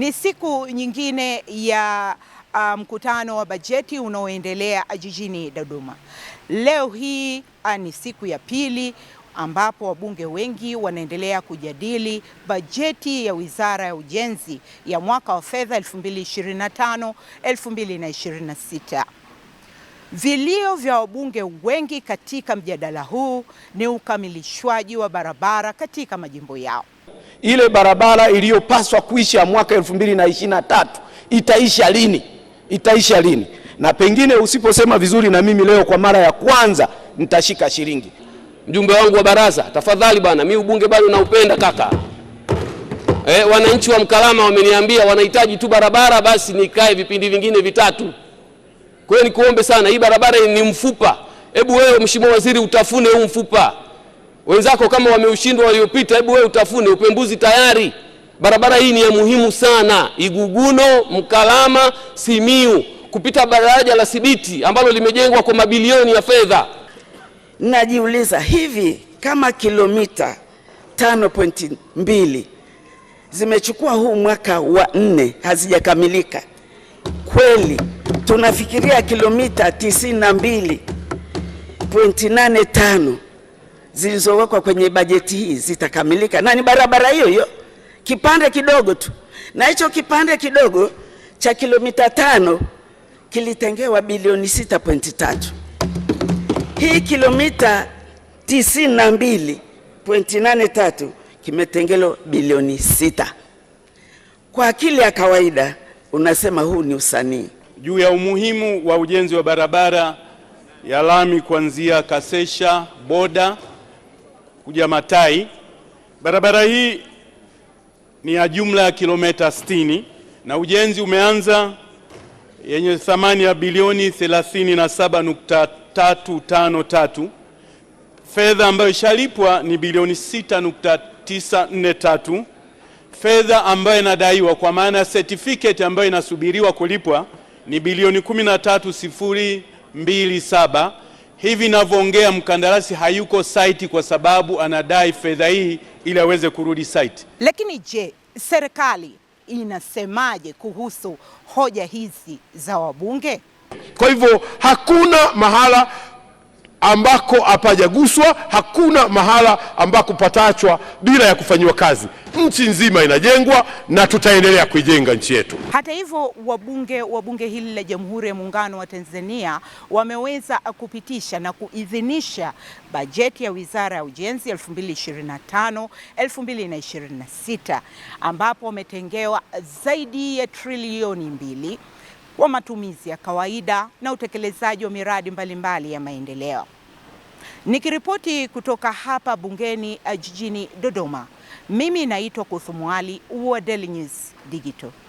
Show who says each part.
Speaker 1: Ni siku nyingine ya ah, mkutano um, wa bajeti unaoendelea jijini Dodoma. Leo hii ah, ni siku ya pili ambapo wabunge wengi wanaendelea kujadili bajeti ya Wizara ya Ujenzi ya mwaka wa fedha 2025 2026. Vilio vya wabunge wengi katika mjadala huu ni ukamilishwaji wa barabara katika majimbo yao
Speaker 2: ile barabara iliyopaswa kuisha mwaka elfu mbili na ishirini na tatu itaisha lini? Itaisha lini? Na pengine usiposema vizuri, na mimi leo kwa mara ya kwanza nitashika shilingi.
Speaker 3: Mjumbe wangu wa baraza, tafadhali bwana, mi ubunge bado naupenda kaka. Eh, wananchi wa Mkalama wameniambia wanahitaji tu barabara, basi nikae vipindi vingine vitatu. Kwa hiyo nikuombe sana, hii barabara ni mfupa. Hebu wewe mheshimiwa waziri, utafune huu mfupa wenzako kama wameushindwa waliopita, hebu wewe utafune upembuzi tayari. Barabara hii ni ya muhimu sana, Iguguno, Mkalama, Simiu, kupita daraja la Sibiti ambalo limejengwa kwa mabilioni ya fedha.
Speaker 4: Najiuliza, hivi kama kilomita 5.2 zimechukua huu mwaka wa nne hazijakamilika, kweli tunafikiria kilomita 92.85 zilizowekwa kwenye bajeti hii zitakamilika, na ni barabara hiyo hiyo, kipande kidogo tu, na hicho kipande kidogo cha kilomita tano kilitengewa bilioni 6.3. Hii kilomita 92.83 kimetengelwa bilioni 6. Kwa akili ya kawaida unasema huu ni usanii.
Speaker 5: Juu ya umuhimu wa ujenzi wa barabara ya lami kuanzia Kasesha boda kuja Matai. Barabara hii ni ya jumla ya kilomita 60 na ujenzi umeanza, yenye thamani ya bilioni 37.353, fedha ambayo ishalipwa ni bilioni 6.943, fedha ambayo inadaiwa kwa maana ya certificate ambayo inasubiriwa kulipwa ni bilioni 13.027 Hivi ninavyoongea, mkandarasi hayuko site kwa sababu anadai fedha hii ili aweze kurudi site.
Speaker 1: Lakini je, serikali inasemaje kuhusu hoja hizi za wabunge?
Speaker 6: Kwa hivyo hakuna mahala ambako hapajaguswa, hakuna mahala ambako pataachwa bila ya kufanyiwa kazi. Nchi nzima inajengwa na tutaendelea kuijenga nchi yetu.
Speaker 1: Hata hivyo, wabunge wa bunge hili la Jamhuri ya Muungano wa Tanzania wameweza kupitisha na kuidhinisha bajeti ya Wizara ya Ujenzi 2025 2026 ambapo wametengewa zaidi ya trilioni mbili wa matumizi ya kawaida na utekelezaji wa miradi mbalimbali mbali ya maendeleo. Nikiripoti kutoka hapa bungeni eh, jijini Dodoma, mimi naitwa Kuthumu Ali wa Daily News Digital.